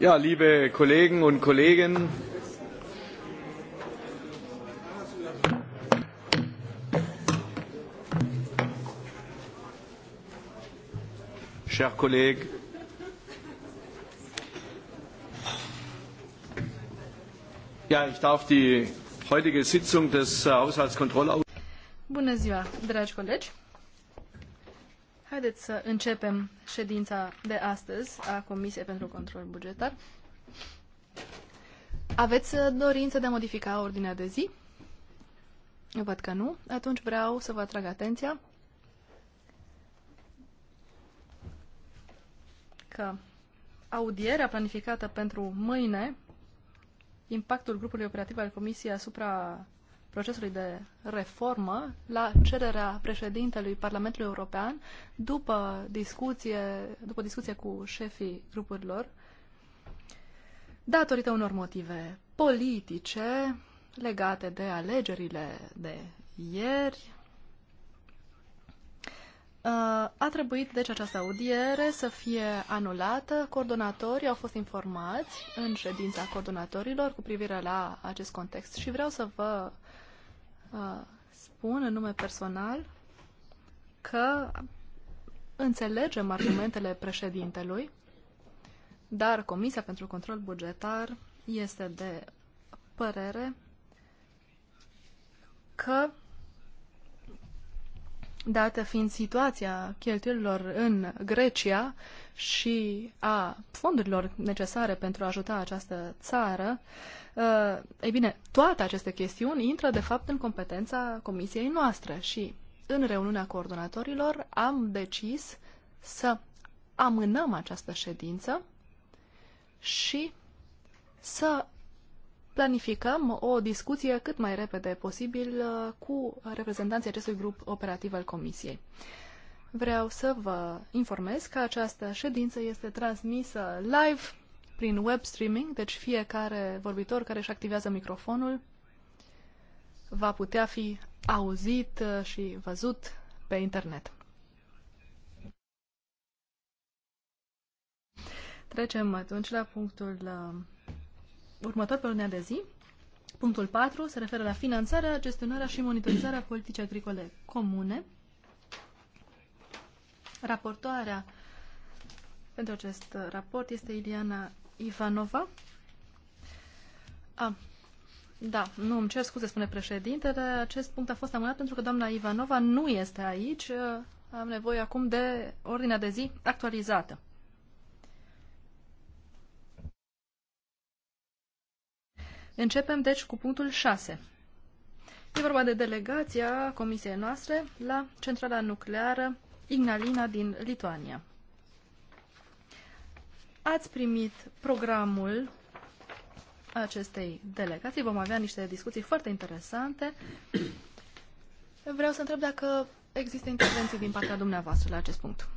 Ja, liebe Kollegen und Kolleginnen, cher Kollege, ja, ich darf die heutige Sitzung des äh, Haushaltskontrollausschusses. Bună ziua, dragi colegi. Haideți să începem ședința de astăzi a Comisiei pentru Control Bugetar. Aveți dorință de a modifica ordinea de zi? Eu văd că nu. Atunci vreau să vă atrag atenția că audierea planificată pentru mâine, impactul grupului operativ al Comisiei asupra procesului de reformă la cererea președintelui Parlamentului European după discuție, după discuție cu șefii grupurilor datorită unor motive politice legate de alegerile de ieri. Uh, a trebuit, deci, această audiere să fie anulată. Coordonatorii au fost informați în ședința coordonatorilor cu privire la acest context și vreau să vă Uh, spun în nume personal că înțelegem argumentele președintelui, dar Comisia pentru Control Bugetar este de părere că dată fiind situația cheltuielilor în Grecia și a fondurilor necesare pentru a ajuta această țară, eh, ei bine, toate aceste chestiuni intră de fapt în competența comisiei noastre și în reuniunea coordonatorilor am decis să amânăm această ședință și să planificăm o discuție cât mai repede posibil uh, cu reprezentanții acestui grup operativ al Comisiei. Vreau să vă informez că această ședință este transmisă live prin web streaming, deci fiecare vorbitor care își activează microfonul va putea fi auzit uh, și văzut pe internet. Trecem atunci la punctul uh, următor pe lunea de zi, punctul 4, se referă la finanțarea, gestionarea și monitorizarea politicii agricole comune. Raportoarea pentru acest raport este Iliana Ivanova. A, da, nu îmi cer scuze, spune președintele. Acest punct a fost amânat pentru că doamna Ivanova nu este aici. Am nevoie acum de ordinea de zi actualizată. Începem, deci, cu punctul 6. E vorba de delegația comisiei noastre la centrala nucleară Ignalina din Lituania. Ați primit programul acestei delegații. Vom avea niște discuții foarte interesante. Vreau să întreb dacă există intervenții din partea dumneavoastră la acest punct.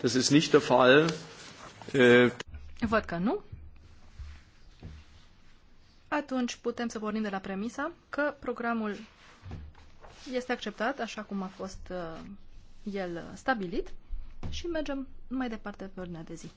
Das ist nicht der Fall. Äh, Văd că nu atunci putem să pornim de la premisa că programul este acceptat așa cum a fost uh, el stabilit și mergem mai departe pe ordinea de zi.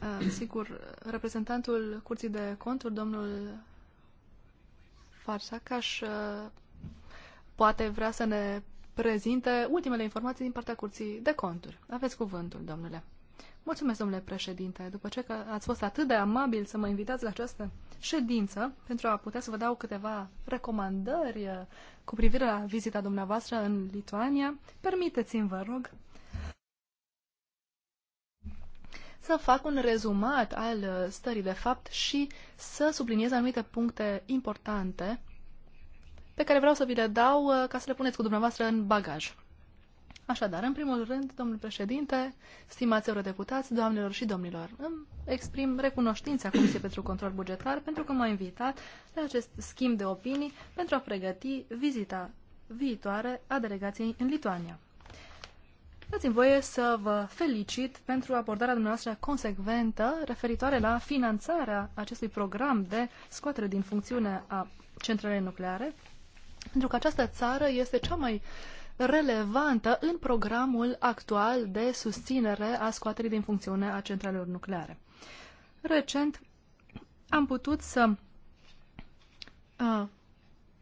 Ah, sigur, reprezentantul Curții de Conturi, domnul Farsacaș, ah, poate vrea să ne prezinte ultimele informații din partea Curții de Conturi. Aveți cuvântul, domnule. Mulțumesc, domnule președinte. După ce că ați fost atât de amabil să mă invitați la această ședință pentru a putea să vă dau câteva recomandări ah, cu privire la vizita dumneavoastră în Lituania, permiteți-mi, vă rog, să fac un rezumat al uh, stării de fapt și să subliniez anumite puncte importante pe care vreau să vi le dau uh, ca să le puneți cu dumneavoastră în bagaj. Așadar, în primul rând, domnul președinte, stimați eurodeputați, doamnelor și domnilor, îmi exprim recunoștința Comisiei pentru Control Bugetar pentru că m-a invitat la acest schimb de opinii pentru a pregăti vizita viitoare a delegației în Lituania. Dați-mi voie să vă felicit pentru abordarea dumneavoastră consecventă referitoare la finanțarea acestui program de scoatere din funcțiune a centralei nucleare, pentru că această țară este cea mai relevantă în programul actual de susținere a scoaterii din funcțiune a centralelor nucleare. Recent am putut să uh,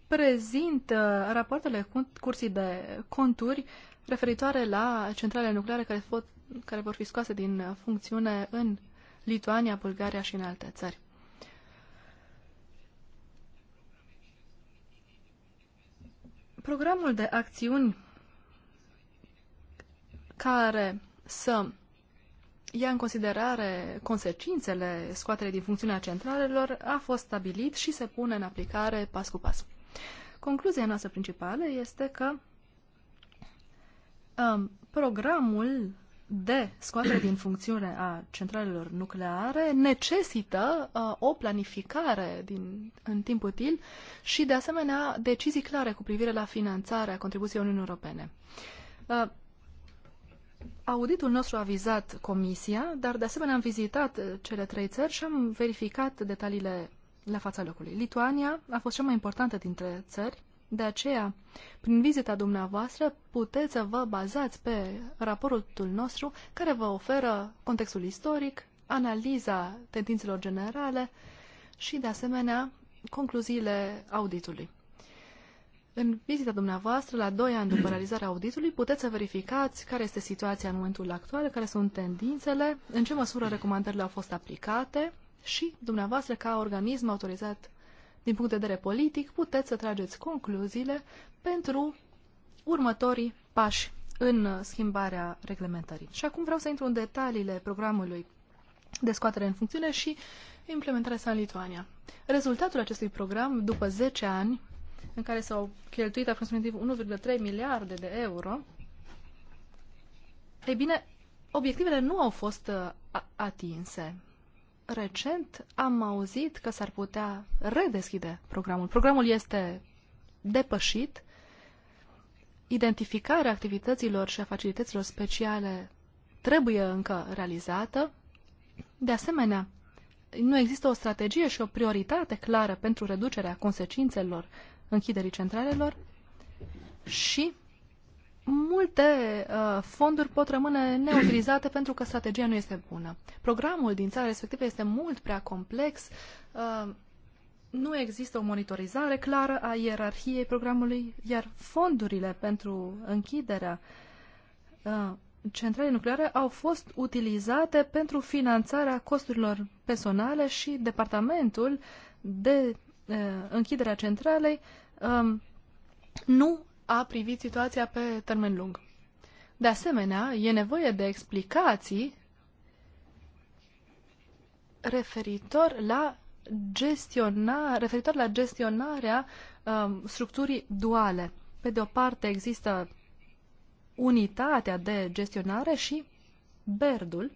prezint uh, rapoartele cu, cursii de conturi referitoare la centrale nucleare care, pot, care vor fi scoase din funcțiune în Lituania, Bulgaria și în alte țări. Programul de acțiuni care să ia în considerare consecințele scoaterei din funcțiunea centralelor a fost stabilit și se pune în aplicare pas cu pas. Concluzia noastră principală este că Um, programul de scoatere din funcțiune a centralelor nucleare necesită uh, o planificare din, în timp util și, de asemenea, decizii clare cu privire la finanțarea contribuției Uniunii Europene. Uh, auditul nostru a vizat Comisia, dar, de asemenea, am vizitat cele trei țări și am verificat detaliile la fața locului. Lituania a fost cea mai importantă dintre țări de aceea, prin vizita dumneavoastră, puteți să vă bazați pe raportul nostru care vă oferă contextul istoric, analiza tendințelor generale și, de asemenea, concluziile auditului. În vizita dumneavoastră, la 2 ani după realizarea auditului, puteți să verificați care este situația în momentul actual, care sunt tendințele, în ce măsură recomandările au fost aplicate și dumneavoastră, ca organism autorizat din punct de vedere politic, puteți să trageți concluziile pentru următorii pași în schimbarea reglementării. Și acum vreau să intru în detaliile programului de scoatere în funcțiune și implementarea sa în Lituania. Rezultatul acestui program, după 10 ani, în care s-au cheltuit aproximativ 1,3 miliarde de euro, ei bine, obiectivele nu au fost uh, atinse recent am auzit că s-ar putea redeschide programul. Programul este depășit. Identificarea activităților și a facilităților speciale trebuie încă realizată. De asemenea, nu există o strategie și o prioritate clară pentru reducerea consecințelor închiderii centralelor și multe uh, fonduri pot rămâne neutilizate pentru că strategia nu este bună. Programul din țara respectivă este mult prea complex, uh, nu există o monitorizare clară a ierarhiei programului, iar fondurile pentru închiderea uh, centralei nucleare au fost utilizate pentru finanțarea costurilor personale și departamentul de uh, închiderea centralei uh, nu a privit situația pe termen lung. De asemenea, e nevoie de explicații referitor la gestiona, referitor la gestionarea um, structurii duale. Pe de o parte există unitatea de gestionare și berdul,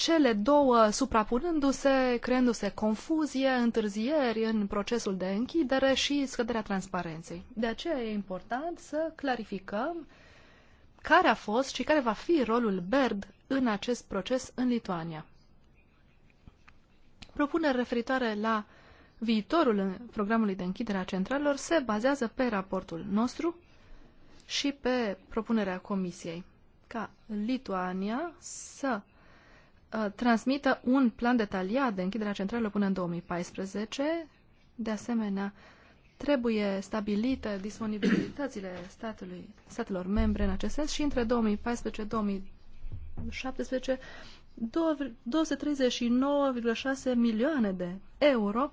cele două suprapunându-se, creându-se confuzie, întârzieri în procesul de închidere și scăderea transparenței. De aceea e important să clarificăm care a fost și care va fi rolul BERD în acest proces în Lituania. Propunerea referitoare la viitorul programului de închidere a centralelor se bazează pe raportul nostru și pe propunerea Comisiei ca Lituania să Uh, transmită un plan detaliat de închiderea centralelor până în 2014. De asemenea, trebuie stabilită disponibilitățile statului, statelor membre în acest sens și între 2014-2017 239,6 milioane de euro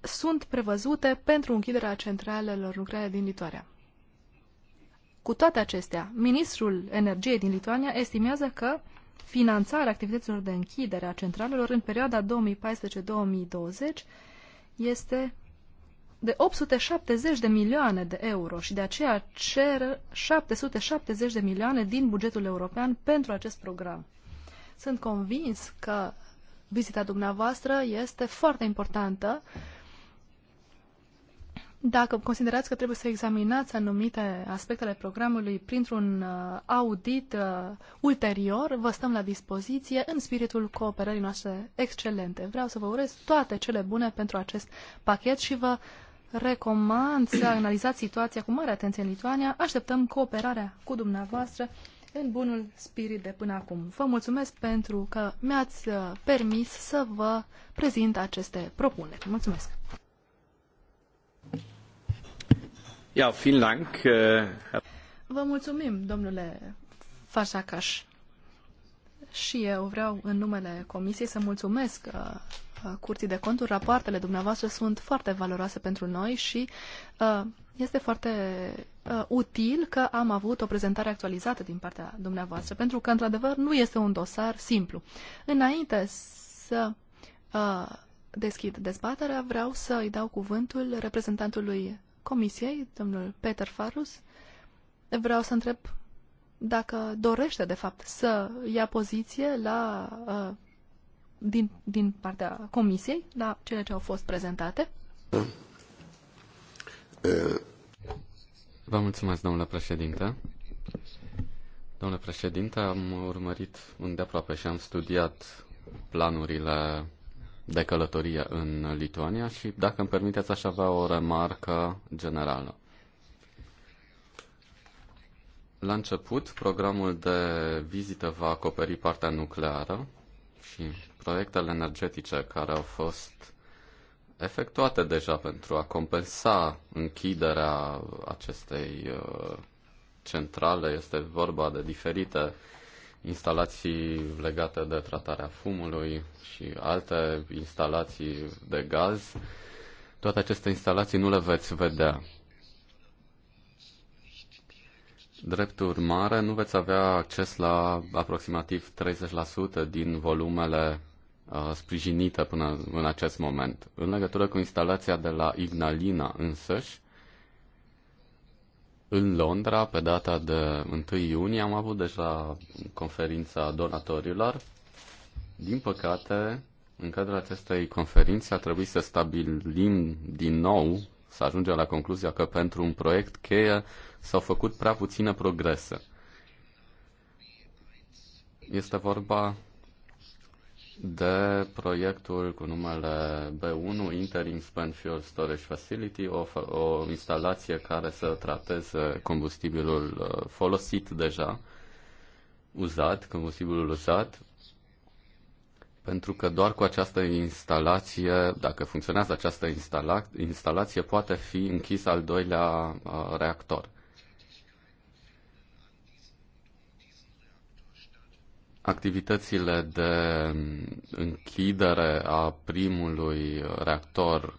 sunt prevăzute pentru închiderea centralelor nucleare din Litoarea. Cu toate acestea, ministrul energiei din Lituania estimează că finanțarea activităților de închidere a centralelor în perioada 2014-2020 este de 870 de milioane de euro și de aceea cer 770 de milioane din bugetul european pentru acest program. Sunt convins că vizita dumneavoastră este foarte importantă dacă considerați că trebuie să examinați anumite aspectele programului printr-un uh, audit uh, ulterior, vă stăm la dispoziție în spiritul cooperării noastre excelente. Vreau să vă urez toate cele bune pentru acest pachet și vă recomand să analizați situația cu mare atenție în Lituania. Așteptăm cooperarea cu dumneavoastră în bunul spirit de până acum. Vă mulțumesc pentru că mi-ați uh, permis să vă prezint aceste propuneri. Mulțumesc! Ja, vielen Dank. Äh, Vă mulțumim, domnule Fasacaș. Și eu vreau, în numele Comisiei, să mulțumesc uh, uh, Curții de Conturi. Rapoartele dumneavoastră sunt foarte valoroase pentru noi și uh, este foarte util că am avut o prezentare actualizată din partea dumneavoastră, pentru că, într-adevăr, nu este un dosar simplu. Înainte să deschid dezbaterea, vreau să îi dau cuvântul reprezentantului Comisiei, domnul Peter Farus, vreau să întreb dacă dorește, de fapt, să ia poziție la, uh, din, din partea Comisiei la cele ce au fost prezentate. Vă mulțumesc, domnule președinte. Domnule președinte, am urmărit îndeaproape și am studiat planurile de călătorie în Lituania și, dacă îmi permiteți, aș avea o remarcă generală. La început, programul de vizită va acoperi partea nucleară și proiectele energetice care au fost efectuate deja pentru a compensa închiderea acestei uh, centrale. Este vorba de diferite instalații legate de tratarea fumului și alte instalații de gaz. Toate aceste instalații nu le veți vedea. Drept urmare, nu veți avea acces la aproximativ 30% din volumele uh, sprijinite până în acest moment. În legătură cu instalația de la Ignalina însăși, în Londra, pe data de 1 iunie, am avut deja conferința donatorilor. Din păcate, în cadrul acestei conferințe a trebuit să stabilim din nou, să ajungem la concluzia că pentru un proiect cheie s-au făcut prea puține progrese. Este vorba de proiectul cu numele B1 Interim Spent Fuel Storage Facility, o, o instalație care să trateze combustibilul uh, folosit deja, uzat, combustibilul uzat, pentru că doar cu această instalație, dacă funcționează această instala, instalație, poate fi închis al doilea uh, reactor. activitățile de închidere a primului reactor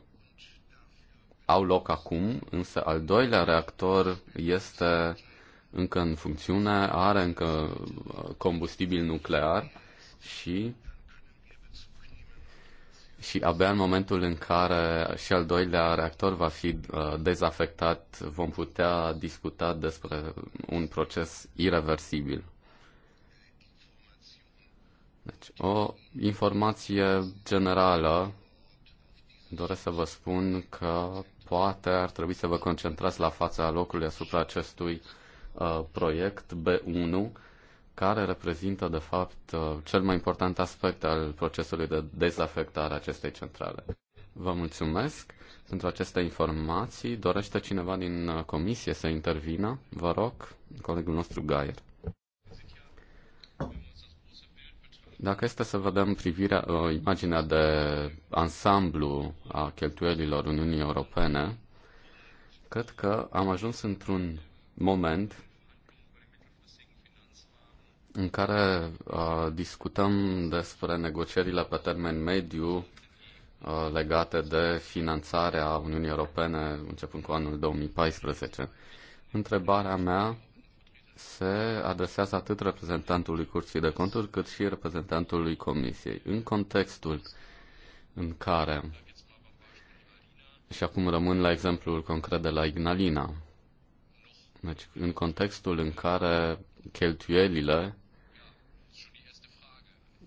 au loc acum, însă al doilea reactor este încă în funcțiune, are încă combustibil nuclear și și abia în momentul în care și al doilea reactor va fi uh, dezafectat, vom putea discuta despre un proces irreversibil. Deci, o informație generală, doresc să vă spun că poate ar trebui să vă concentrați la fața locului asupra acestui uh, proiect B1, care reprezintă, de fapt, uh, cel mai important aspect al procesului de dezafectare a acestei centrale. Vă mulțumesc pentru aceste informații. Dorește cineva din uh, comisie să intervină? Vă rog, colegul nostru Gaier. Dacă este să vedem privirea, uh, imaginea de ansamblu a cheltuielilor Uniunii Europene, cred că am ajuns într-un moment în care uh, discutăm despre negocierile pe termen mediu uh, legate de finanțarea Uniunii Europene începând cu anul 2014. Întrebarea mea se adresează atât reprezentantului Curții de Conturi cât și reprezentantului Comisiei. În contextul în care, și acum rămân la exemplul concret de la Ignalina, deci în contextul în care cheltuielile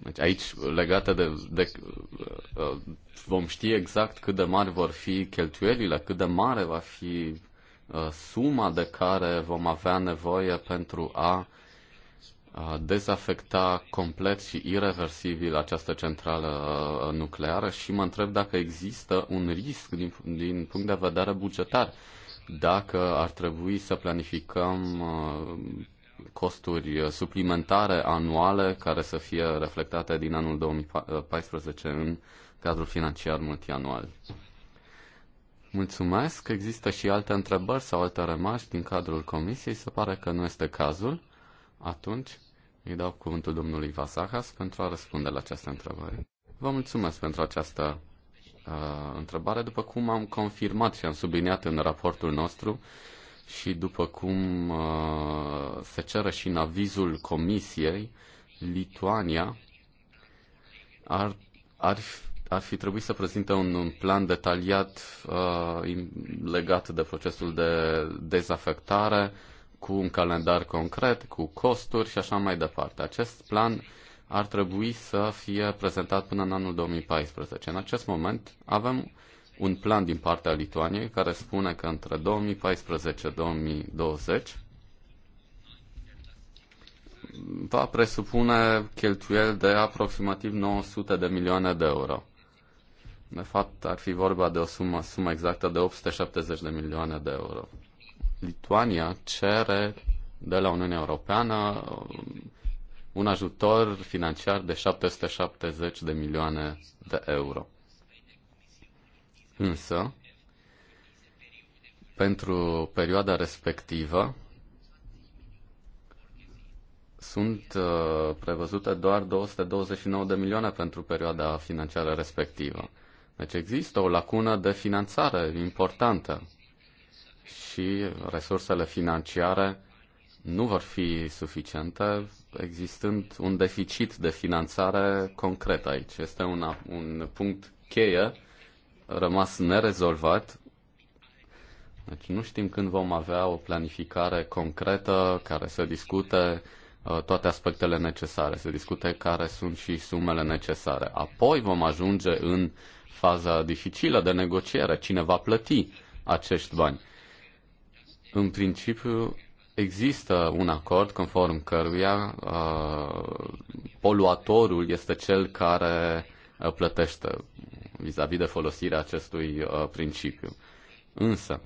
deci aici, legate de, de, uh, vom ști exact cât de mari vor fi cheltuielile, cât de mare va fi Uh, suma de care vom avea nevoie pentru a uh, dezafecta complet și irreversibil această centrală uh, nucleară și mă întreb dacă există un risc din, din punct de vedere bugetar, dacă ar trebui să planificăm costuri suplimentare anuale care să fie reflectate din anul 2014 în cadrul financiar multianual. Mulțumesc. Există și alte întrebări sau alte rămași din cadrul comisiei? Se pare că nu este cazul. Atunci îi dau cuvântul domnului Vasahas pentru a răspunde la această întrebare. Vă mulțumesc pentru această uh, întrebare. După cum am confirmat și am subliniat în raportul nostru și după cum uh, se cere și în avizul comisiei, Lituania ar, ar ar fi trebuit să prezinte un plan detaliat uh, legat de procesul de dezafectare, cu un calendar concret, cu costuri și așa mai departe. Acest plan ar trebui să fie prezentat până în anul 2014. În acest moment avem un plan din partea Lituaniei care spune că între 2014-2020 va presupune cheltuieli de aproximativ 900 de milioane de euro. De fapt, ar fi vorba de o sumă, sumă exactă de 870 de milioane de euro. Lituania cere de la Uniunea Europeană um, un ajutor financiar de 770 de milioane de euro. Însă, pentru perioada respectivă, sunt uh, prevăzute doar 229 de milioane pentru perioada financiară respectivă. Deci există o lacună de finanțare importantă și resursele financiare nu vor fi suficiente, existând un deficit de finanțare concret aici. Este una, un punct cheie rămas nerezolvat. Deci nu știm când vom avea o planificare concretă care să discute uh, toate aspectele necesare, să discute care sunt și sumele necesare. Apoi vom ajunge în uh, faza dificilă de negociere. Cine va plăti acești bani? În principiu, există un acord conform căruia uh, poluatorul este cel care uh, plătește vis-a-vis -vis de folosirea acestui uh, principiu. Însă,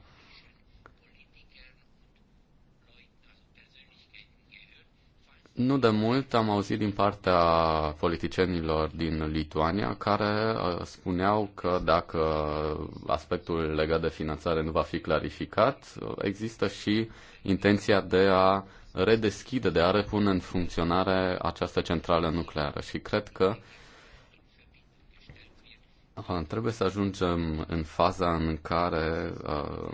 Nu de mult am auzit din partea politicienilor din Lituania care uh, spuneau că dacă aspectul legat de finanțare nu va fi clarificat, există și intenția de a redeschide, de a repune în funcționare această centrală nucleară. Și cred că uh, trebuie să ajungem în faza în care uh,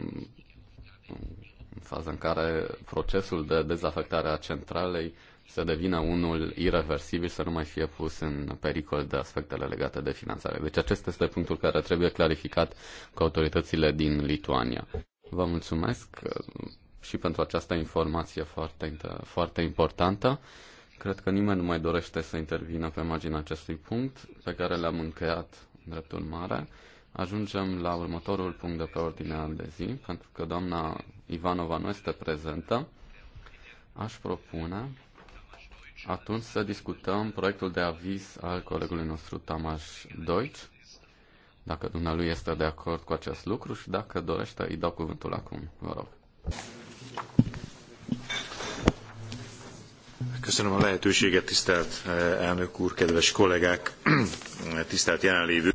în faza în care procesul de dezafectare a centralei să devină unul irreversibil, să nu mai fie pus în pericol de aspectele legate de finanțare. Deci acesta este punctul care trebuie clarificat cu autoritățile din Lituania. Vă mulțumesc uh, și pentru această informație foarte, foarte importantă. Cred că nimeni nu mai dorește să intervină pe marginea acestui punct pe care l-am încheiat în dreptul mare. Ajungem la următorul punct de pe ordinea de zi, pentru că doamna Ivanova nu este prezentă. Aș propune atunci să discutăm proiectul de aviz al colegului nostru Tamaș Deutsch, dacă dumnealui este de acord cu acest lucru și dacă dorește, îi dau cuvântul acum. Vă rog. Köszönöm a lehetőséget, tisztelt eh, elnök úr, kedves kollégák, tisztelt jelenlévő.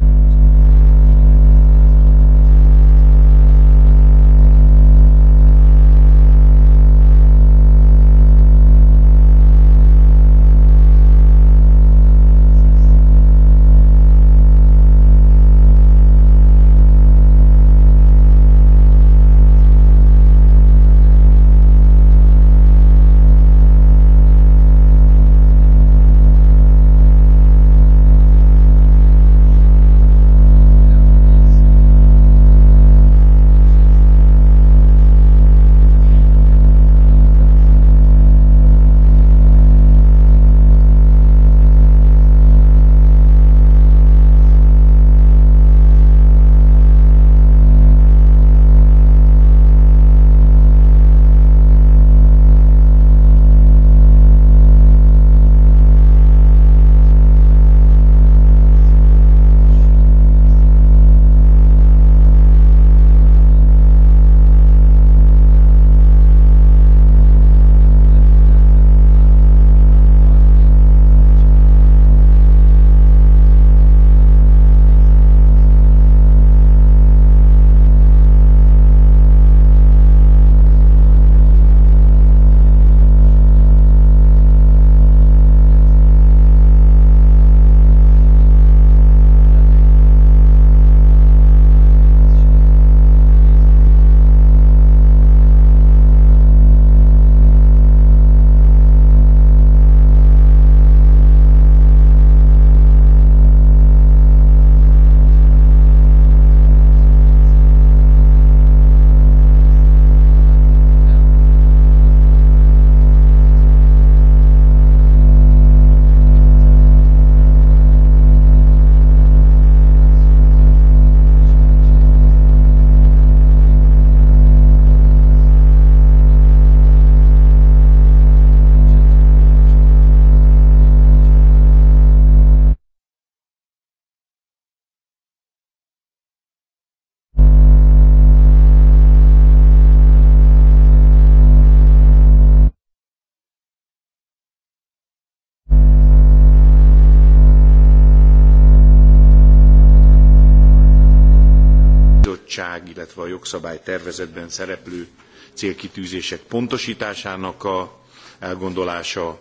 illetve a jogszabálytervezetben szereplő célkitűzések pontosításának a elgondolása,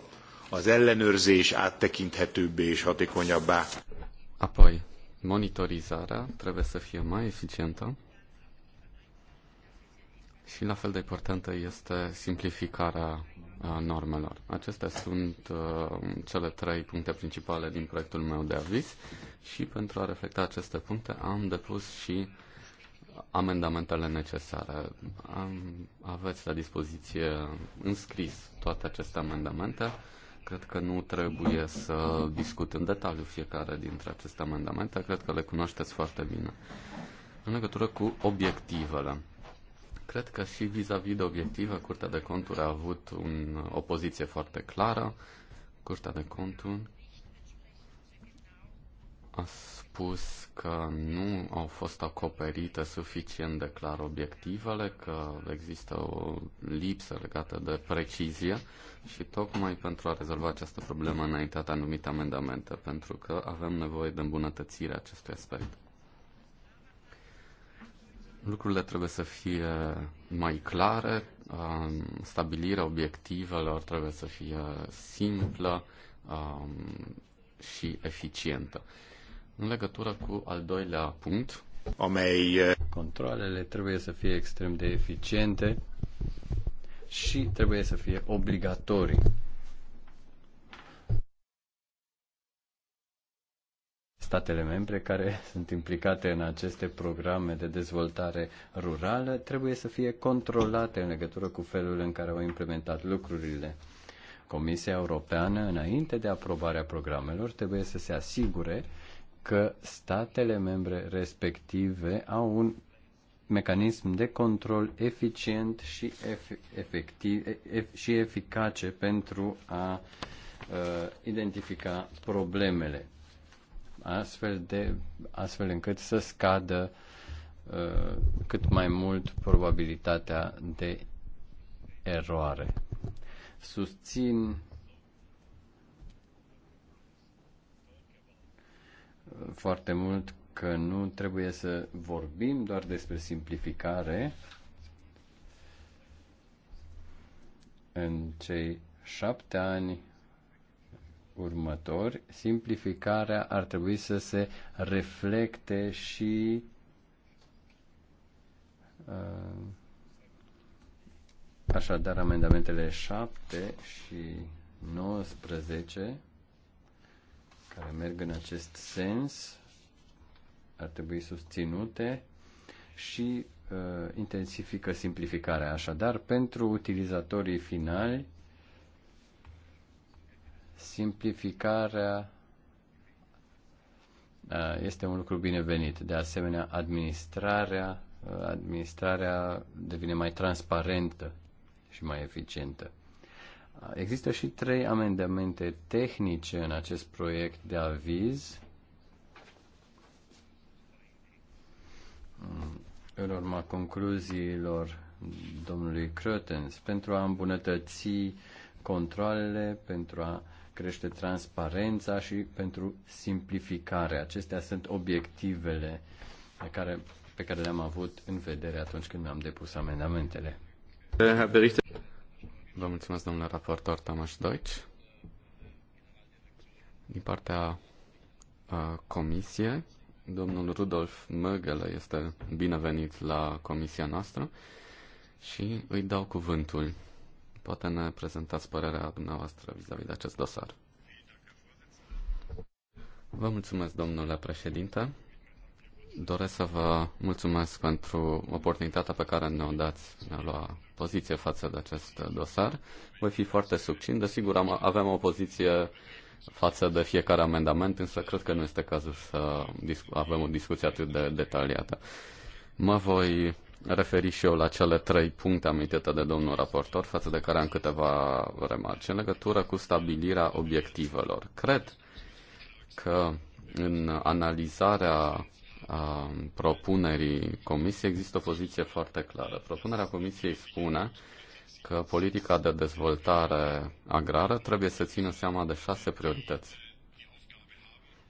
az ellenőrzés áttekinthetőbbé és hatékonyabbá. Apoi, monitorizarea trebuie să fie mai eficientă și la fel de importantă este simplificarea normelor. Acestea sunt cele trei puncte principale din proiectul meu de aviz și pentru a reflecta aceste puncte am depus și amendamentele necesare. Am, aveți la dispoziție înscris toate aceste amendamente. Cred că nu trebuie să discut în detaliu fiecare dintre aceste amendamente, cred că le cunoașteți foarte bine. În legătură cu obiectivele. Cred că și vis-a-vis -vis de obiective, Curtea de Conturi a avut un, o poziție foarte clară. Curtea de Conturi a spus că nu au fost acoperite suficient de clar obiectivele, că există o lipsă legată de precizie și tocmai pentru a rezolva această problemă înaintat anumite amendamente, pentru că avem nevoie de îmbunătățirea acestui aspect. Lucrurile trebuie să fie mai clare, um, stabilirea obiectivelor trebuie să fie simplă um, și eficientă. În legătură cu al doilea punct, Omei. Eh, Controlele trebuie să fie extrem de eficiente și trebuie să fie obligatorii. Statele membre care sunt implicate în aceste programe de dezvoltare rurală trebuie să fie controlate în legătură cu felul în care au implementat lucrurile. Comisia Europeană, înainte de aprobarea programelor, trebuie să se asigure că statele membre respective au un mecanism de control eficient și, efectiv, și eficace pentru a uh, identifica problemele, astfel, de, astfel încât să scadă uh, cât mai mult probabilitatea de eroare. Susțin foarte mult că nu trebuie să vorbim doar despre simplificare în cei șapte ani următori, simplificarea ar trebui să se reflecte și uh, așadar amendamentele 7 și 19 care merg în acest sens ar trebui susținute și uh, intensifică simplificarea. Așadar, pentru utilizatorii finali, simplificarea uh, este un lucru binevenit. De asemenea, administrarea, uh, administrarea devine mai transparentă și mai eficientă. Există și trei amendamente tehnice în acest proiect de aviz. În urma concluziilor domnului Crotens, pentru a îmbunătăți controlele, pentru a crește transparența și pentru simplificare. Acestea sunt obiectivele pe care, pe care le-am avut în vedere atunci când mi-am depus amendamentele. Vă mulțumesc, domnule raportor Tamas Deutsch. Din partea Comisie, domnul Rudolf Mögele este binevenit la comisia noastră și îi dau cuvântul. Poate ne prezentați părerea dumneavoastră vis-a-vis -vis de acest dosar. Vă mulțumesc, domnule președinte. Doresc să vă mulțumesc pentru oportunitatea pe care ne-o dați ne a lua poziție față de acest dosar. Voi fi foarte succint. Desigur, am, avem o poziție față de fiecare amendament, însă cred că nu este cazul să avem o discuție atât de detaliată. Mă voi referi și eu la cele trei puncte amintite de domnul raportor, față de care am câteva remarci în legătură cu stabilirea obiectivelor. Cred că în analizarea a propunerii Comisiei există o poziție foarte clară. Propunerea Comisiei spune că politica de dezvoltare agrară trebuie să țină seama de șase priorități.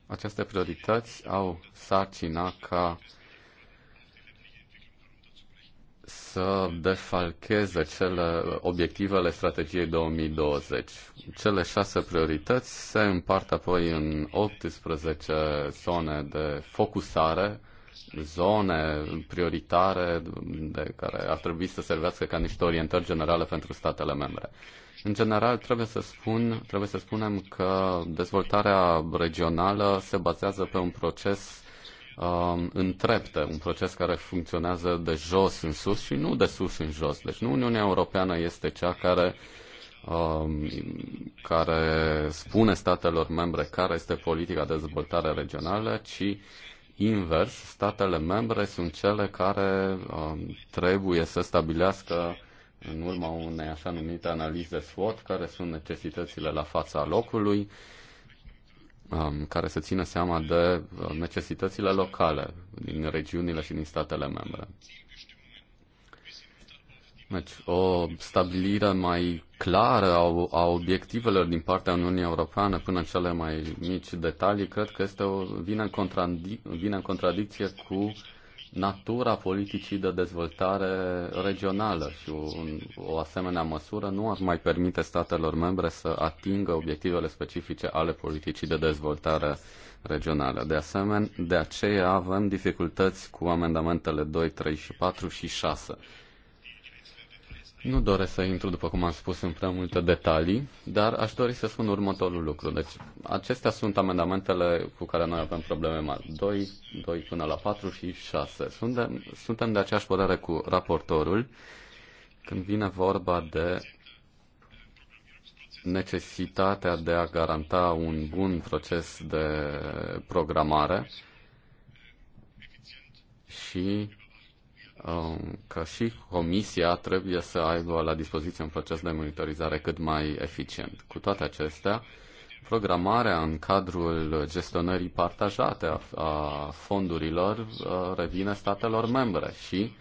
Aceste priorități au sarcina ca să defalcheze cele obiectivele strategiei 2020. Cele șase priorități se împart apoi în 18 zone de focusare, zone prioritare de care ar trebui să servească ca niște orientări generale pentru statele membre. În general, trebuie să, spun, trebuie să spunem că dezvoltarea regională se bazează pe un proces uh, întrepte, un proces care funcționează de jos în sus și nu de sus în jos. Deci nu Uniunea Europeană este cea care uh, care spune statelor membre care este politica de dezvoltare regională, ci invers, statele membre sunt cele care uh, trebuie să stabilească în urma unei așa numite analize SWOT care sunt necesitățile la fața locului, uh, um, care să țină seama de uh, necesitățile locale din regiunile și din statele membre. Deci, o stabilire mai clară a, a obiectivelor din partea Uniunii Europeane până în cele mai mici detalii, cred că este o, vine, în vine în contradicție cu natura politicii de dezvoltare regională și o, o asemenea măsură nu ar mai permite statelor membre să atingă obiectivele specifice ale politicii de dezvoltare regională. De asemenea, de aceea avem dificultăți cu amendamentele 2, 3 și 4 și 6 nu doresc să intru, după cum am spus, în prea multe detalii, dar aș dori să spun următorul lucru. Deci, acestea sunt amendamentele cu care noi avem probleme mari. 2, 2 până la 4 și 6. Suntem, suntem de aceeași părere cu raportorul când vine vorba de necesitatea de a garanta un bun proces de programare și Um, că și Comisia trebuie să aibă la dispoziție un proces de monitorizare cât mai eficient. Cu toate acestea, programarea în cadrul gestionării partajate a fondurilor uh, revine statelor membre și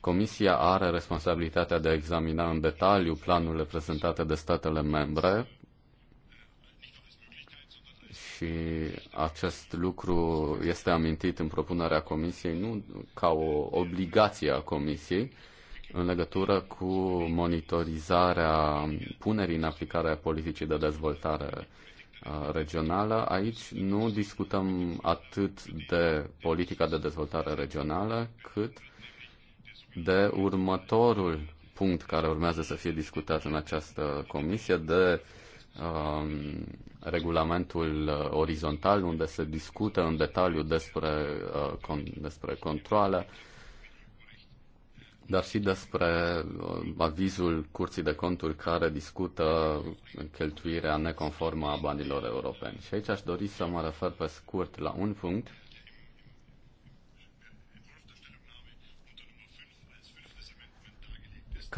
Comisia are responsabilitatea de a examina în detaliu planurile prezentate de statele membre și acest lucru este amintit în propunerea Comisiei, nu ca o obligație a Comisiei, în legătură cu monitorizarea punerii în aplicare a politicii de dezvoltare uh, regională. Aici nu discutăm atât de politica de dezvoltare regională, cât de următorul punct care urmează să fie discutat în această comisie, de uh, Um, regulamentul uh, orizontal unde se discută în detaliu despre, uh, con- despre controle, dar și despre uh, avizul Curții de Conturi care discută cheltuirea neconformă a banilor europeni. Și aici aș dori să mă refer pe scurt la un punct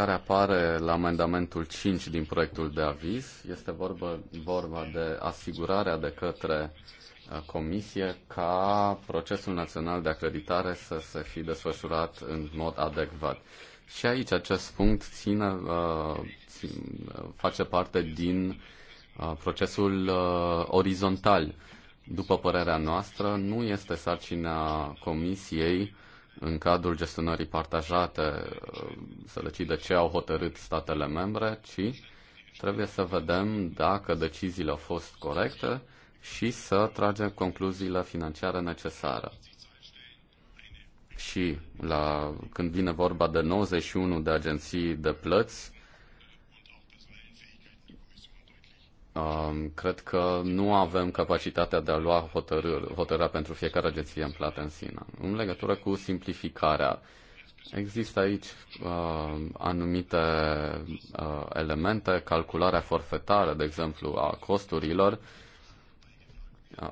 care apare la amendamentul 5 din proiectul de aviz. Este vorba, vorba de asigurarea de către uh, Comisie ca procesul național de acreditare să se fi desfășurat în mod adecvat. Și aici acest punct ține, uh, uh, face parte din procesul orizontal. După părerea noastră, nu este sarcina Comisiei în cadrul gestionării partajate să decide ce au hotărât statele membre, ci trebuie să vedem dacă deciziile au fost corecte și să tragem concluziile financiare necesare. Și la, când vine vorba de 91 de agenții de plăți, Um, cred că nu avem capacitatea de a lua hotărârea pentru fiecare agenție în plată în sine. În legătură cu simplificarea, există aici uh, anumite uh, elemente, calcularea forfetară, de exemplu, a costurilor.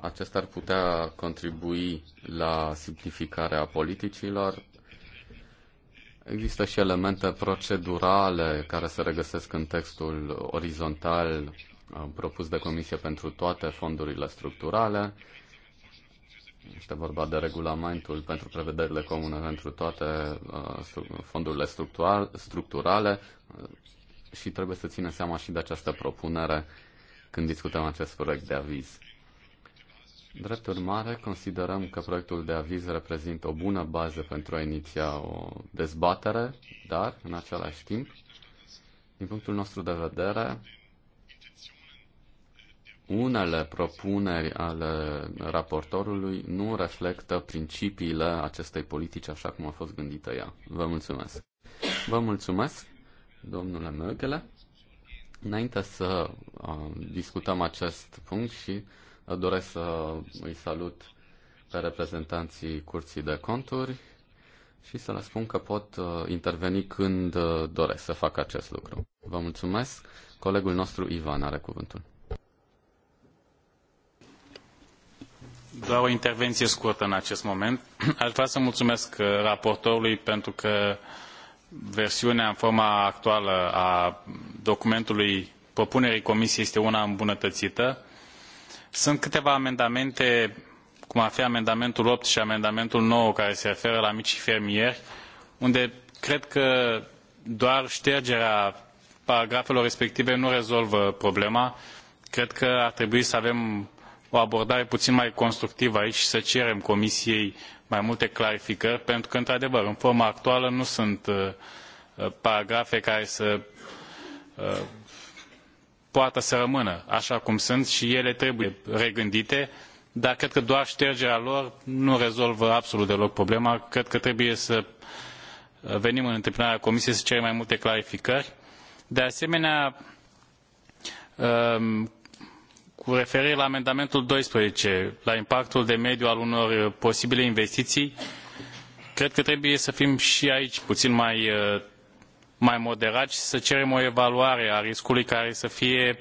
Acestea ar putea contribui la simplificarea politicilor, Există și elemente procedurale care se regăsesc în textul orizontal propus de Comisie pentru toate fondurile structurale. Este vorba de regulamentul pentru prevederile comune pentru toate uh, fondurile structurale și trebuie să ținem seama și de această propunere când discutăm acest proiect de aviz. Drept urmare, considerăm că proiectul de aviz reprezintă o bună bază pentru a iniția o dezbatere, dar, în același timp, din punctul nostru de vedere, unele propuneri ale raportorului nu reflectă principiile acestei politici așa cum a fost gândită ea. Vă mulțumesc. Vă mulțumesc, domnule Mögele. Înainte să uh, discutăm acest punct și uh, doresc să îi salut pe reprezentanții Curții de Conturi și să le spun că pot uh, interveni când doresc să fac acest lucru. Vă mulțumesc. Colegul nostru Ivan are cuvântul. doar o intervenție scurtă în acest moment. A vrea să mulțumesc uh, raportorului pentru că versiunea în forma actuală a documentului propunerii comisiei este una îmbunătățită. Sunt câteva amendamente, cum ar fi amendamentul opt și amendamentul 9, care se referă la micii fermieri, unde cred că doar ștergerea paragrafelor respective nu rezolvă problema. Cred că ar trebui să avem o abordare puțin mai constructivă aici și să cerem Comisiei mai multe clarificări, pentru că, într-adevăr, în forma actuală nu sunt uh, uh, paragrafe care să uh, poată să rămână așa cum sunt și ele trebuie regândite, dar cred că doar ștergerea lor nu rezolvă absolut deloc problema. Cred că trebuie să venim în întâmpinarea Comisiei să cerem mai multe clarificări. De asemenea, um, cu referire la amendamentul 12, la impactul de mediu al unor uh, posibile investiții, cred că trebuie să fim și aici puțin mai, uh, mai moderați să cerem o evaluare a riscului care să fie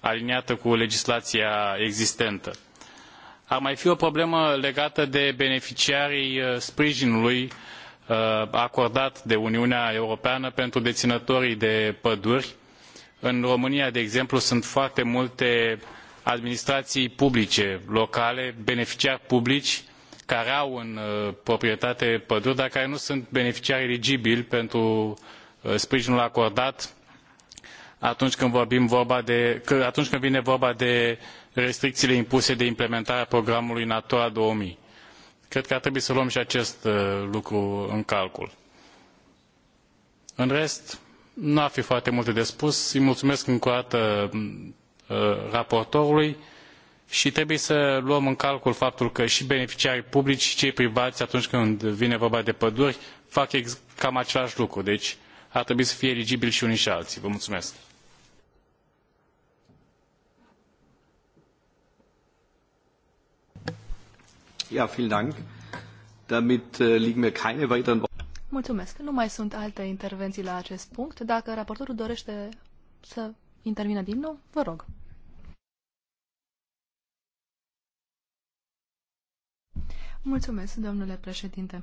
aliniată cu legislația existentă. Ar mai fi o problemă legată de beneficiarii uh, sprijinului acordat de Uniunea Europeană pentru deinătorii de păduri. În România, de exemplu, sunt foarte multe uh, administraii publice locale beneficiari publici care au în uh, proprietate păduri dar care nu sunt beneficiari eligibili pentru uh, sprijinul acordat atunci când, atunci când vine vorba de restriciile impuse de implementarea programului natura. două mii cred că ar trebui să luăm i acest uh, lucru în calcul. în rest nu ar fi foarte multe de spus îi mulumesc încă o dată Uh, raportorului i trebuie să luăm în calcul faptul că i beneficiarii publici i cei privai atunci când vine vorba de păduri fac cam acelai lucru deci ar trebui să fie eligibili i unii i alii. Vă mulțumesc. Ja, vielen Dank. Damit äh, liegen mir keine weiteren Mulțumesc. Nu mai sunt alte intervenții la acest punct. Dacă raportorul dorește să intervină din nou, vă rog. Mulțumesc, domnule președinte.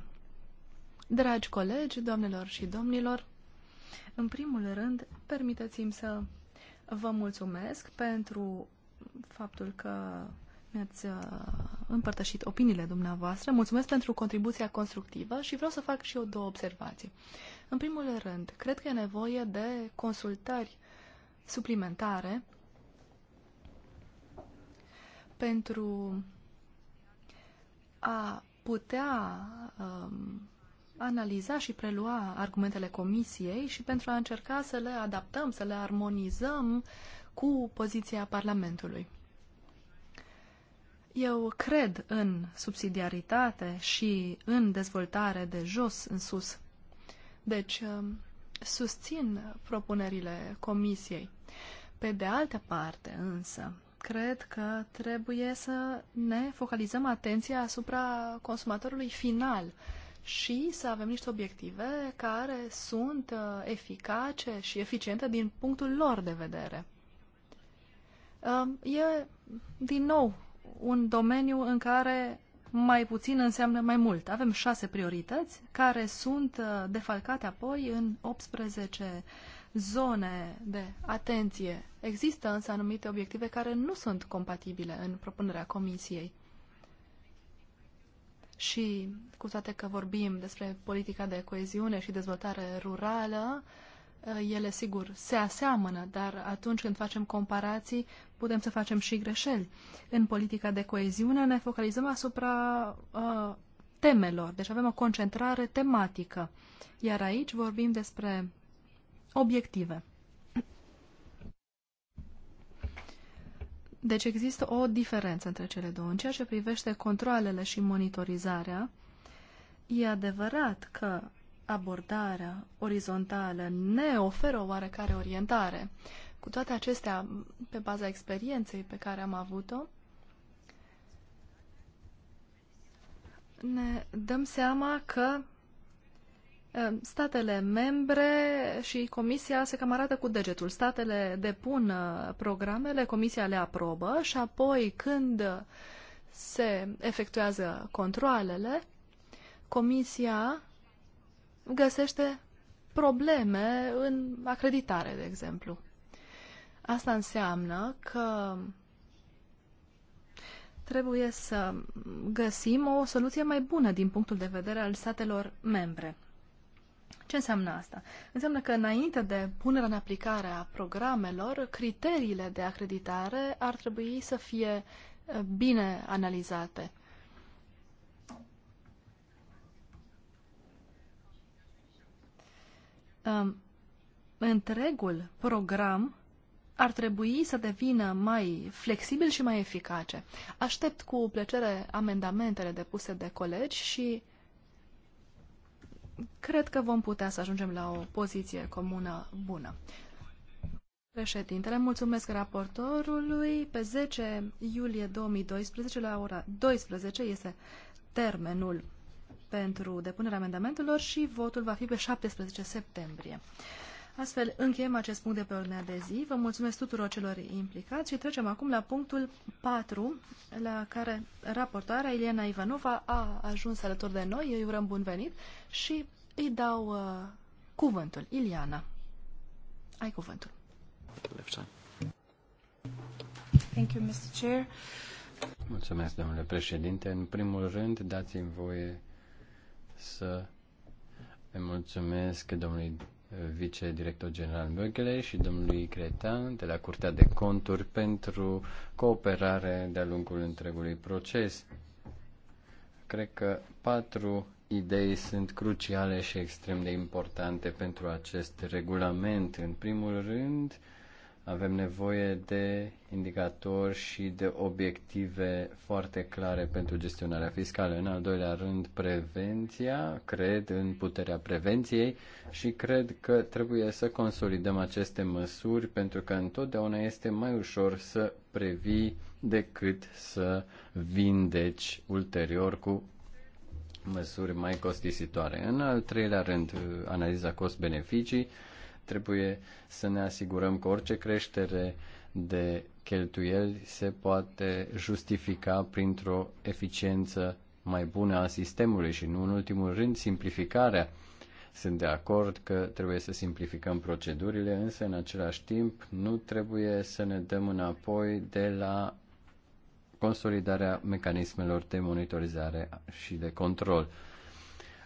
Dragi colegi, domnilor și domnilor, în primul rând, permiteți-mi să vă mulțumesc pentru faptul că mi-ați uh, împărtășit opiniile dumneavoastră. Mulțumesc pentru contribuția constructivă și vreau să fac și eu două observații. În primul rând, cred că e nevoie de consultări suplimentare pentru a putea um, analiza și prelua argumentele comisiei și pentru a încerca să le adaptăm, să le armonizăm cu poziția Parlamentului. Eu cred în subsidiaritate și în dezvoltare de jos în sus. Deci, um, susțin propunerile comisiei. Pe de altă parte, însă, cred că trebuie să ne focalizăm atenția asupra consumatorului final și să avem niște obiective care sunt uh, eficace și eficiente din punctul lor de vedere. Um, e, din nou, un domeniu în care mai puțin înseamnă mai mult. Avem șase priorități care sunt uh, defalcate apoi în 18 zone de atenție Există însă anumite obiective care nu sunt compatibile în propunerea Comisiei. Și cu toate că vorbim despre politica de coeziune și dezvoltare rurală, ele sigur se aseamănă, dar atunci când facem comparații putem să facem și greșeli. În politica de coeziune ne focalizăm asupra uh, temelor, deci avem o concentrare tematică. Iar aici vorbim despre obiective. Deci există o diferență între cele două. În ceea ce privește controlele și monitorizarea, e adevărat că abordarea orizontală ne oferă o oarecare orientare. Cu toate acestea, pe baza experienței pe care am avut-o, ne dăm seama că Ehm, statele membre și Comisia se cam arată cu degetul. Statele depun uh, programele, Comisia le aprobă și apoi când se efectuează controlele, Comisia găsește probleme în acreditare, de exemplu. Asta înseamnă că trebuie să găsim o soluție mai bună din punctul de vedere al statelor membre. Ce înseamnă asta? Înseamnă că înainte de punerea în aplicare a programelor, criteriile de acreditare ar trebui să fie eh, bine analizate. Întregul program ar trebui să devină mai flexibil și mai eficace. Aștept cu plăcere amendamentele depuse de colegi și cred că vom putea să ajungem la o poziție comună bună. Președintele, mulțumesc raportorului. Pe 10 iulie 2012, la ora 12, este termenul pentru depunerea amendamentelor și votul va fi pe 17 septembrie. Astfel încheiem acest punct de pe ordinea de zi. Vă mulțumesc tuturor celor implicați și trecem acum la punctul 4, la care raportarea Iliana Ivanova a ajuns alături de noi. Eu îi urăm bun venit și îi dau uh, cuvântul. Iliana, ai cuvântul. Thank you, Mr. Chair. Mulțumesc, domnule președinte. În primul rând, dați-mi voie să îi mulțumesc domnului vicedirector general Mögele și domnului Cretan de la Curtea de Conturi pentru cooperare de-a lungul întregului proces. Cred că patru idei sunt cruciale și extrem de importante pentru acest regulament. În primul rând, uh, avem nevoie de indicatori și de obiective foarte clare pentru gestionarea fiscală. În al doilea rând, prevenția. Cred în puterea prevenției și cred că trebuie să consolidăm aceste măsuri pentru că întotdeauna este mai ușor să previi decât să vindeci ulterior cu măsuri mai costisitoare. În al treilea rând, analiza cost-beneficii trebuie să ne asigurăm că orice creștere de cheltuieli se poate justifica printr-o eficiență mai bună a sistemului și nu în ultimul rând simplificarea. Sunt de acord că trebuie să simplificăm procedurile, însă în același timp nu trebuie să ne dăm înapoi de la consolidarea mecanismelor de monitorizare și de control.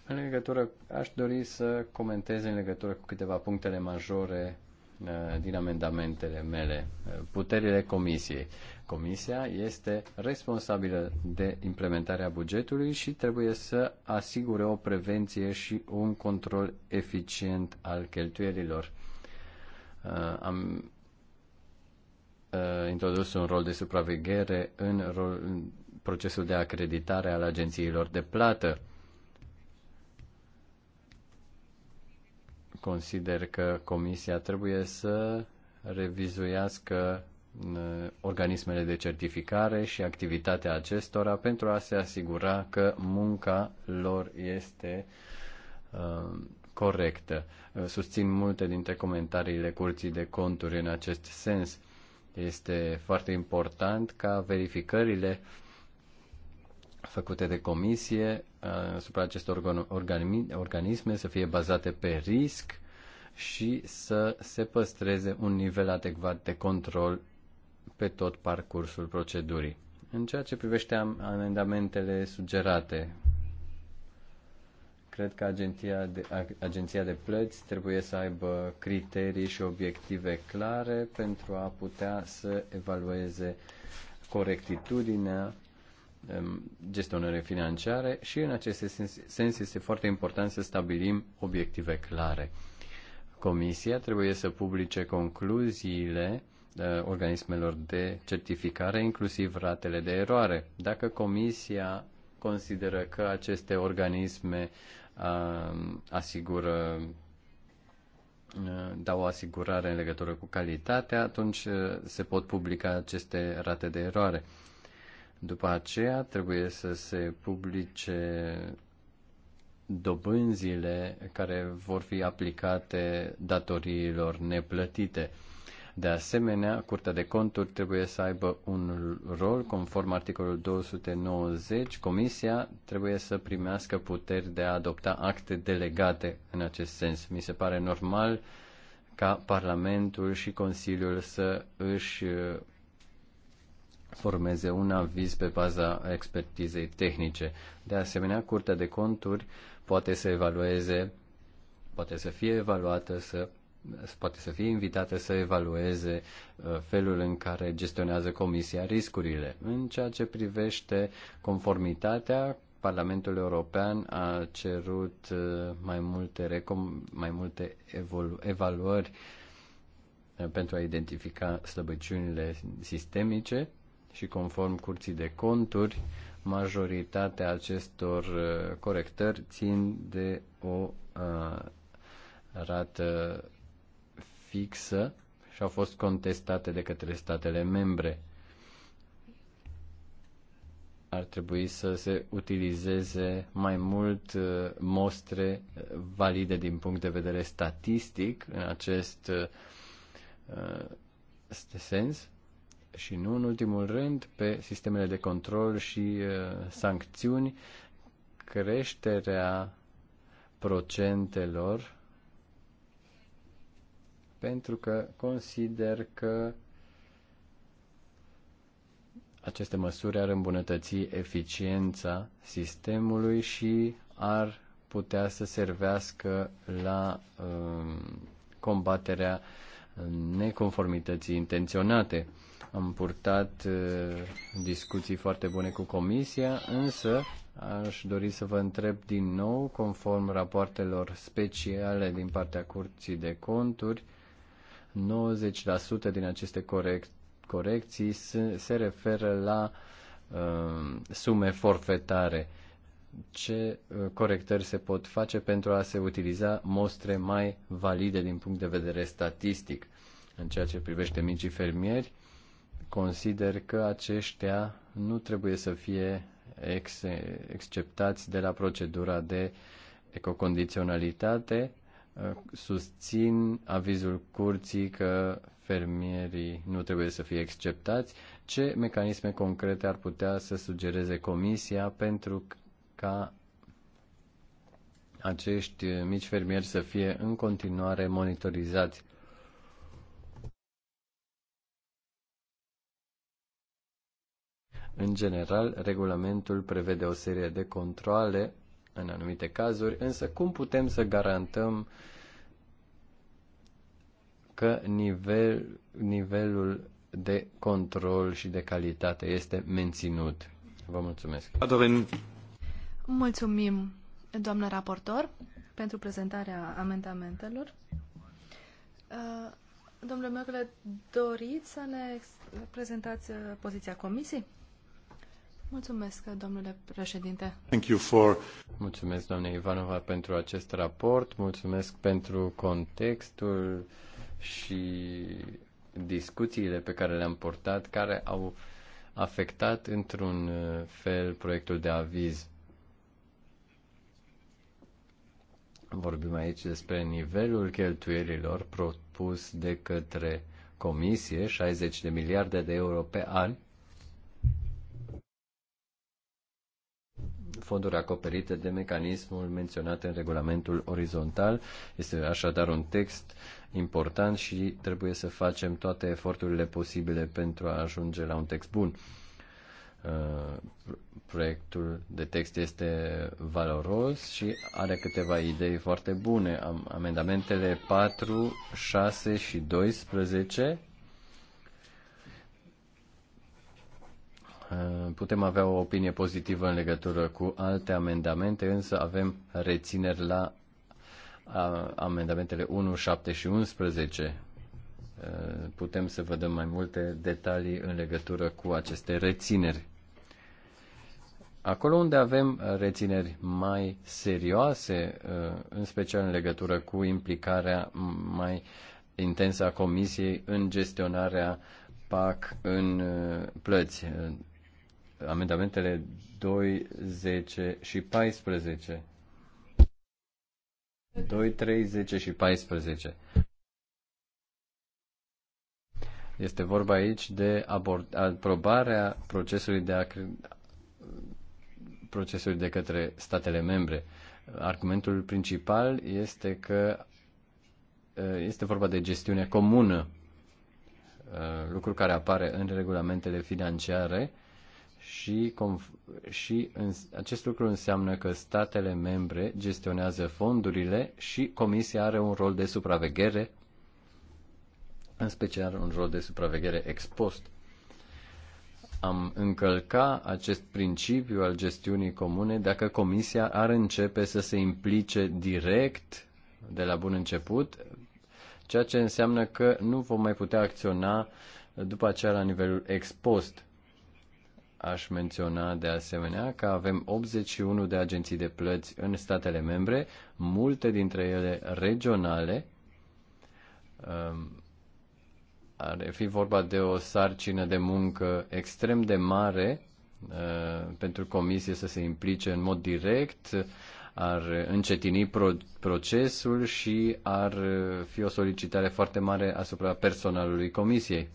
În legătură, aș dori să comentez în legătură cu câteva punctele majore uh, din amendamentele mele, uh, puterile comisiei. Comisia este responsabilă de implementarea bugetului și trebuie să asigure o prevenție și un control eficient al cheltuielilor. Uh, am introdus un rol de supraveghere în, rol, în procesul de acreditare al agențiilor de plată consider că Comisia trebuie să revizuiască mm, organismele de certificare și activitatea acestora pentru a se asigura că munca lor este um, corectă. Susțin multe dintre comentariile curții de conturi în acest sens. Este foarte important ca verificările făcute de comisie Uh, asupra acestor organisme să fie bazate pe risc și să se păstreze un nivel adecvat de control pe tot parcursul procedurii. În ceea ce privește amendamentele sugerate, cred că agenția de, agenția de plăți trebuie să aibă criterii și obiective clare pentru a putea să evalueze corectitudinea Um, gestionare financiare și în acest sens este foarte important să stabilim obiective clare. Comisia trebuie să publice concluziile uh, organismelor de certificare, inclusiv ratele de eroare. Dacă Comisia consideră că aceste organisme um, asigură uh, dau o asigurare în legătură cu calitatea, atunci uh, se pot publica aceste rate de eroare. După aceea trebuie să se publice dobânzile care vor fi aplicate datoriilor neplătite. De asemenea, Curtea de Conturi trebuie să aibă un rol conform articolul 290. Comisia trebuie să primească puteri de a adopta acte delegate în acest sens. Mi se pare normal ca Parlamentul și Consiliul să își formeze un aviz pe baza expertizei tehnice. De asemenea, Curtea de Conturi poate să evalueze, poate să fie evaluată, să poate să fie invitată să evalueze uh, felul în care gestionează Comisia riscurile. În ceea ce privește conformitatea, Parlamentul European a cerut uh, mai multe, recom- mai multe evaluări uh, pentru a identifica slăbăciunile sistemice și conform curții de conturi, majoritatea acestor uh, corectări țin de o uh, rată fixă și au fost contestate de către statele membre. Ar trebui să se utilizeze mai mult uh, mostre valide din punct de vedere statistic în acest sens și nu în ultimul rând pe sistemele de control și uh, sancțiuni, creșterea procentelor pentru că consider că aceste măsuri ar îmbunătăți eficiența sistemului și ar putea să servească la um, combaterea uh, neconformității intenționate. Am purtat uh, discuții foarte bune cu Comisia, însă aș dori să vă întreb din nou, conform rapoartelor speciale din partea Curții de Conturi, 90% din aceste corect, corecții se, se referă la uh, sume forfetare. Uh, ce uh, corectări se pot face pentru a se utiliza mostre mai valide din punct de vedere statistic. În ceea ce privește micii fermieri, consider că aceștia nu trebuie să fie ex- exceptați de la procedura de ecocondiționalitate. Uh, susțin avizul curții că fermierii nu trebuie să fie exceptați. Ce mecanisme concrete ar putea să sugereze Comisia pentru ca acești mici fermieri să fie în continuare monitorizați. În general, regulamentul prevede o serie de controle în anumite cazuri, însă cum putem să garantăm că nivel, nivelul de control și de calitate este menținut? Vă mulțumesc. Adorin. Mulțumim, doamnă raportor, pentru prezentarea amendamentelor. Uh, domnule Măgle, doriți să ne prezentați uh, poziția comisiei? Mulțumesc, domnule președinte. Thank you for... Mulțumesc, doamne Ivanova, pentru acest raport. Mulțumesc pentru contextul și discuțiile pe care le-am portat, care au afectat într-un uh, fel proiectul de aviz. Vorbim aici despre nivelul cheltuielilor propus de către Comisie, 60 de miliarde de euro pe an, fonduri acoperite de mecanismul menționat în regulamentul orizontal. Este așadar un text important și trebuie să facem toate eforturile posibile pentru a ajunge la un text bun. Uh, proiectul de text este valoros și are câteva idei foarte bune. Am, amendamentele 4, 6 și 12 uh, putem avea o opinie pozitivă în legătură cu alte amendamente, însă avem rețineri la amendamentele 1, 7 și 11. Uh, putem să vă dăm mai multe detalii în legătură cu aceste rețineri. Acolo unde avem uh, rețineri mai serioase, uh, în special în legătură cu implicarea mai intensă a Comisiei în gestionarea PAC în uh, plăți, amendamentele 2, 10 și 14. 2, 3, 10 și 14. Este vorba aici de abord, aprobarea procesului de procesuri de către statele membre. Argumentul principal este că uh, este vorba de gestiune comună, uh, lucru care apare în regulamentele financiare și, și în, acest lucru înseamnă că statele membre gestionează fondurile și Comisia are un rol de supraveghere, în special un rol de supraveghere ex post am încălca acest principiu al gestiunii comune dacă Comisia ar începe să se implice direct de la bun început, ceea ce înseamnă că nu vom mai putea acționa după aceea la nivelul expost. Aș menționa de asemenea că avem 81 de agenții de plăți în statele membre, multe dintre ele regionale, um, ar fi vorba de o sarcină de muncă extrem de mare uh, pentru comisie să se implice în mod direct, ar încetini pro- procesul și ar fi o solicitare foarte mare asupra personalului comisiei.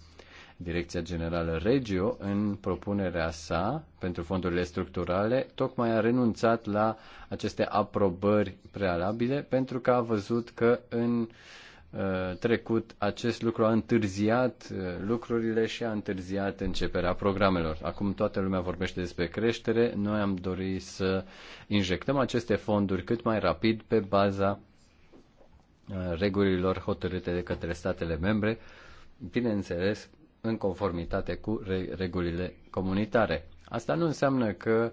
Direcția Generală Regio, în propunerea sa pentru fondurile structurale, tocmai a renunțat la aceste aprobări prealabile pentru că a văzut că în uh, Uh, trecut acest lucru a întârziat uh, lucrurile și a întârziat începerea programelor. Acum toată lumea vorbește despre creștere. Noi am dorit să injectăm aceste fonduri cât mai rapid pe baza uh, regulilor hotărâte de către statele membre, bineînțeles în conformitate cu regulile comunitare. Asta nu înseamnă că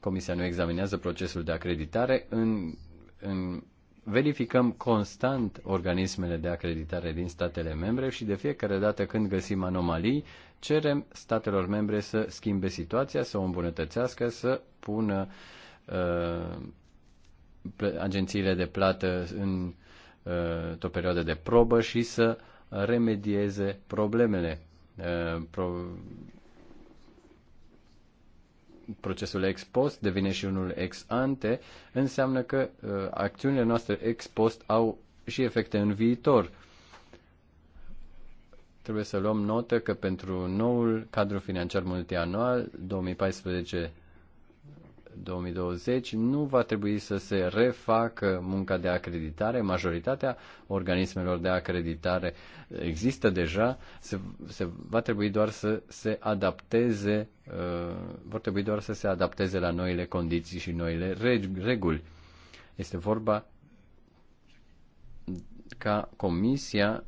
Comisia nu examinează procesul de acreditare în, în verificăm constant organismele de acreditare din statele membre și de fiecare dată când găsim anomalii, cerem statelor membre să schimbe situația, să o îmbunătățească, să pună uh, agențiile de plată în uh, o perioadă de probă și să remedieze problemele. Uh, pro- procesul ex post devine și unul ex ante, înseamnă că uh, acțiunile noastre ex post au și efecte în viitor. Trebuie să luăm notă că pentru noul cadru financiar multianual 2014 2020 nu va trebui să se refacă munca de acreditare. Majoritatea organismelor de acreditare există deja. Se, se va trebui doar să se adapteze, uh, vor trebui doar să se adapteze la noile condiții și noile reg- reguli. Este vorba ca Comisia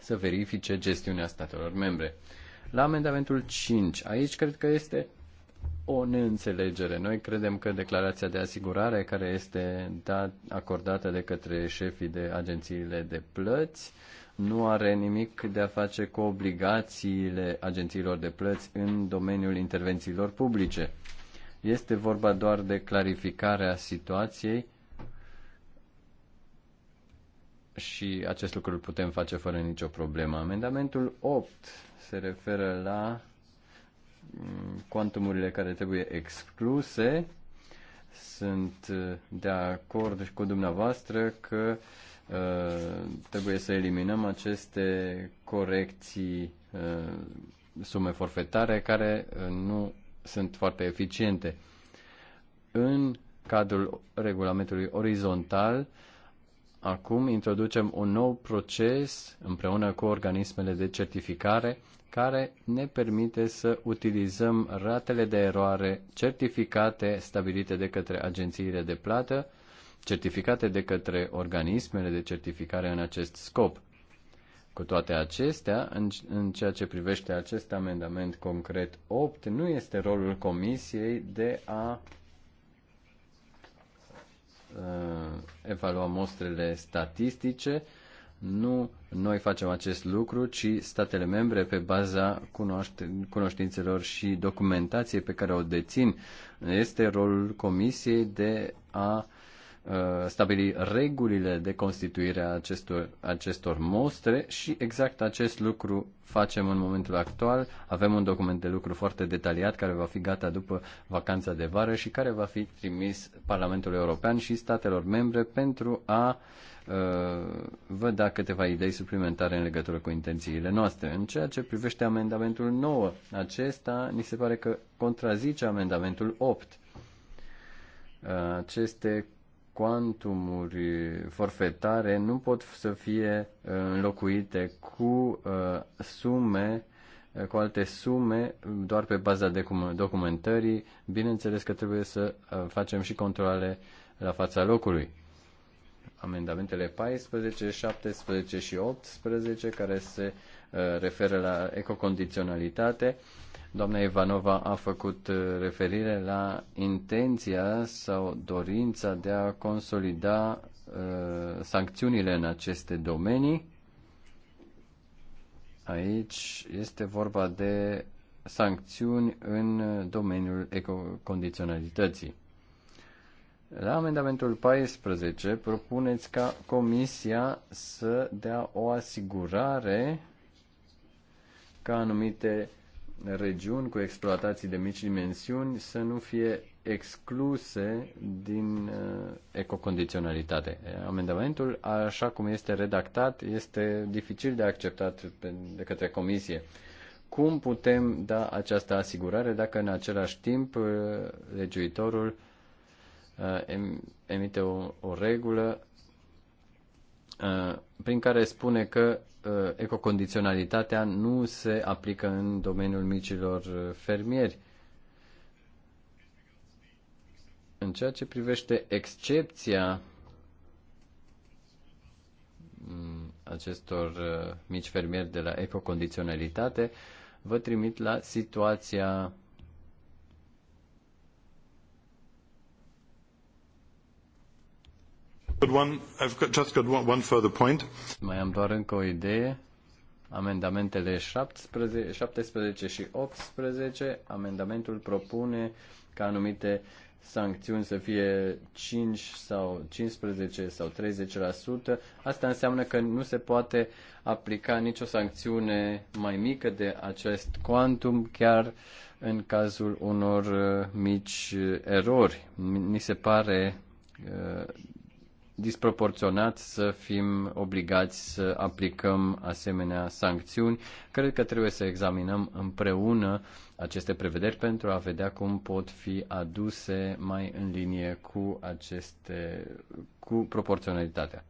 să verifice gestiunea statelor membre. La amendamentul 5, aici cred că este o neînțelegere. Noi credem că declarația de asigurare care este dat, acordată de către șefii de agențiile de plăți nu are nimic de a face cu obligațiile agențiilor de plăți în domeniul intervențiilor publice. Este vorba doar de clarificarea situației și acest lucru îl putem face fără nicio problemă. Amendamentul 8 se referă la cuantumurile care trebuie excluse. Sunt uh, de acord cu dumneavoastră că uh, trebuie să eliminăm aceste corecții, uh, sume forfetare care uh, nu sunt foarte eficiente. În cadrul regulamentului orizontal, uh, Acum introducem un nou proces împreună cu organismele de certificare care ne permite să utilizăm ratele de eroare certificate stabilite de către agențiile de plată, certificate de către organismele de certificare în acest scop. Cu toate acestea, în, în ceea ce privește acest amendament concret 8, nu este rolul Comisiei de a Uh, evalua mostrele statistice. Nu noi facem acest lucru, ci statele membre pe baza cunoștințelor și documentației pe care o dețin. Este rolul Comisiei de a Uh, stabili regulile de constituire a acestor, acestor mostre și exact acest lucru facem în momentul actual. Avem un document de lucru foarte detaliat care va fi gata după vacanța de vară și care va fi trimis Parlamentului European și statelor membre pentru a uh, vă da câteva idei suplimentare în legătură cu intențiile noastre. În ceea ce privește amendamentul 9, acesta ni se pare că contrazice amendamentul 8. aceste cuantumuri forfetare nu pot să fie uh, înlocuite cu uh, sume uh, cu alte sume doar pe baza de documentării. Bineînțeles că trebuie să facem și controle la fața locului. Amendamentele 14, 17 și 18 care se referă la ecocondiționalitate Doamna Ivanova a făcut uh, referire la intenția sau dorința de a consolida uh, sancțiunile în aceste domenii. Aici este vorba de sancțiuni în domeniul ecocondiționalității. La amendamentul 14 propuneți ca Comisia să dea o asigurare ca anumite regiuni cu exploatații de mici dimensiuni să nu fie excluse din uh, ecocondiționalitate. Amendamentul, așa cum este redactat, este dificil de acceptat de către Comisie. Cum putem da această asigurare dacă în același timp uh, legiuitorul uh, emite o, o regulă prin care spune că Uh, ecocondiționalitatea nu se aplică în domeniul micilor uh, fermieri. În ceea ce privește excepția mm, acestor uh, mici fermieri de la ecocondiționalitate, vă trimit la situația Mai am doar încă o idee. Amendamentele 17, 17 și 18, amendamentul propune ca anumite sancțiuni să fie 5 sau 15 sau 30%, asta înseamnă că nu se poate aplica nicio sancțiune mai mică de acest quantum, chiar în cazul unor uh, mici uh, erori. Mi se pare uh, disproporționat să fim obligați să aplicăm asemenea sancțiuni. Cred că trebuie să examinăm împreună aceste prevederi pentru a vedea cum pot fi aduse mai în linie cu aceste cu proporționalitatea.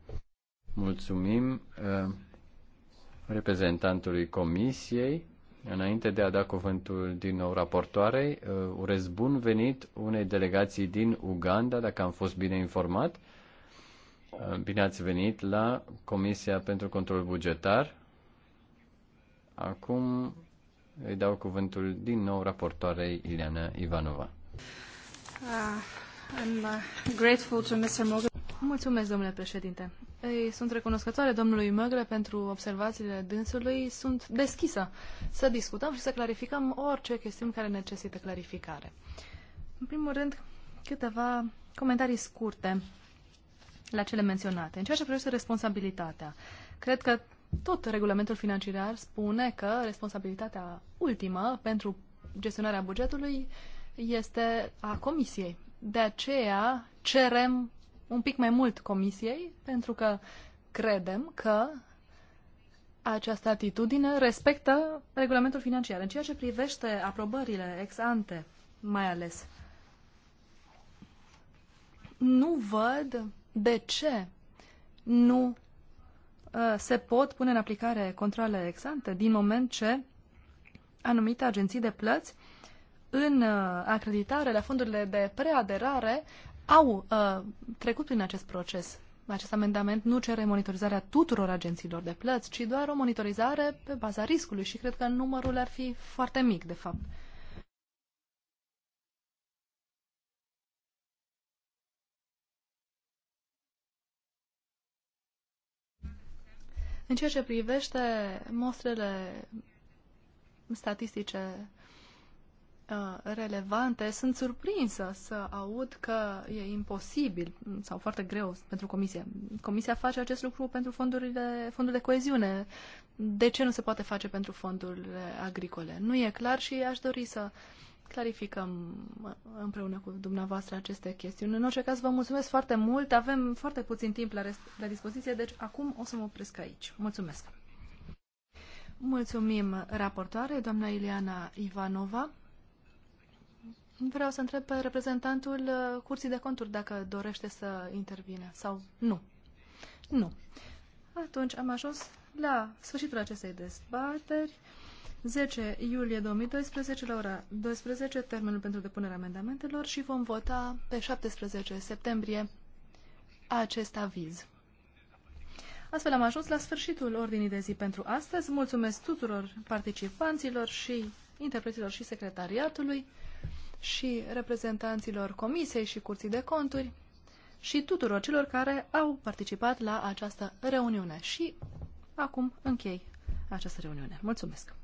Mulțumim uh, reprezentantului comisiei. Înainte de a da cuvântul din nou raportoarei, uh, urez bun venit unei delegații din Uganda, dacă am fost bine informat. Uh, bine ați venit la Comisia pentru Control Bugetar. Acum îi dau cuvântul din nou raportoarei Ileana Ivanova. Uh, uh Mulțumesc, domnule președinte. Ei, sunt recunoscătoare domnului Măgle pentru observațiile dânsului. Sunt deschisă să discutăm și să clarificăm orice chestiune care necesită clarificare. În primul rând, câteva comentarii scurte la cele menționate. În ceea ce privește responsabilitatea, cred că tot regulamentul financiar spune că responsabilitatea ultimă pentru gestionarea bugetului este a comisiei. De aceea cerem un pic mai mult comisiei, pentru că credem că această atitudine respectă regulamentul financiar. În ceea ce privește aprobările ex ante, mai ales, nu văd de ce nu uh, se pot pune în aplicare controle exante din moment ce anumite agenții de plăți în uh, acreditare la fondurile de preaderare au uh, trecut prin acest proces. Acest amendament nu cere monitorizarea tuturor agențiilor de plăți, ci doar o monitorizare pe baza riscului și cred că numărul ar fi foarte mic, de fapt. În ceea ce privește mostrele statistice uh, relevante, sunt surprinsă să aud că e imposibil sau foarte greu pentru Comisie. Comisia face acest lucru pentru fondurile, fondul de coeziune. De ce nu se poate face pentru fondurile agricole? Nu e clar și aș dori să uh, clarificăm uh, împreună cu dumneavoastră aceste chestiuni. În orice caz, vă mulțumesc foarte mult. Avem foarte puțin timp la, la dispoziție, deci acum o să mă opresc aici. Mulțumesc! Mulțumim, raportoare, doamna Ileana Ivanova. Vreau să întreb pe reprezentantul uh, Curții de Conturi dacă dorește să intervine sau nu. Nu. Atunci am ajuns la sfârșitul acestei dezbateri. 10 iulie 2012, la ora 12, termenul pentru depunerea amendamentelor și vom vota pe 17 septembrie acest aviz. Astfel am ajuns la sfârșitul ordinii de zi pentru astăzi. Mulțumesc tuturor participanților și interpreților și secretariatului și reprezentanților Comisiei și Curții de Conturi și tuturor celor care au participat la această reuniune. Și acum închei această reuniune. Mulțumesc!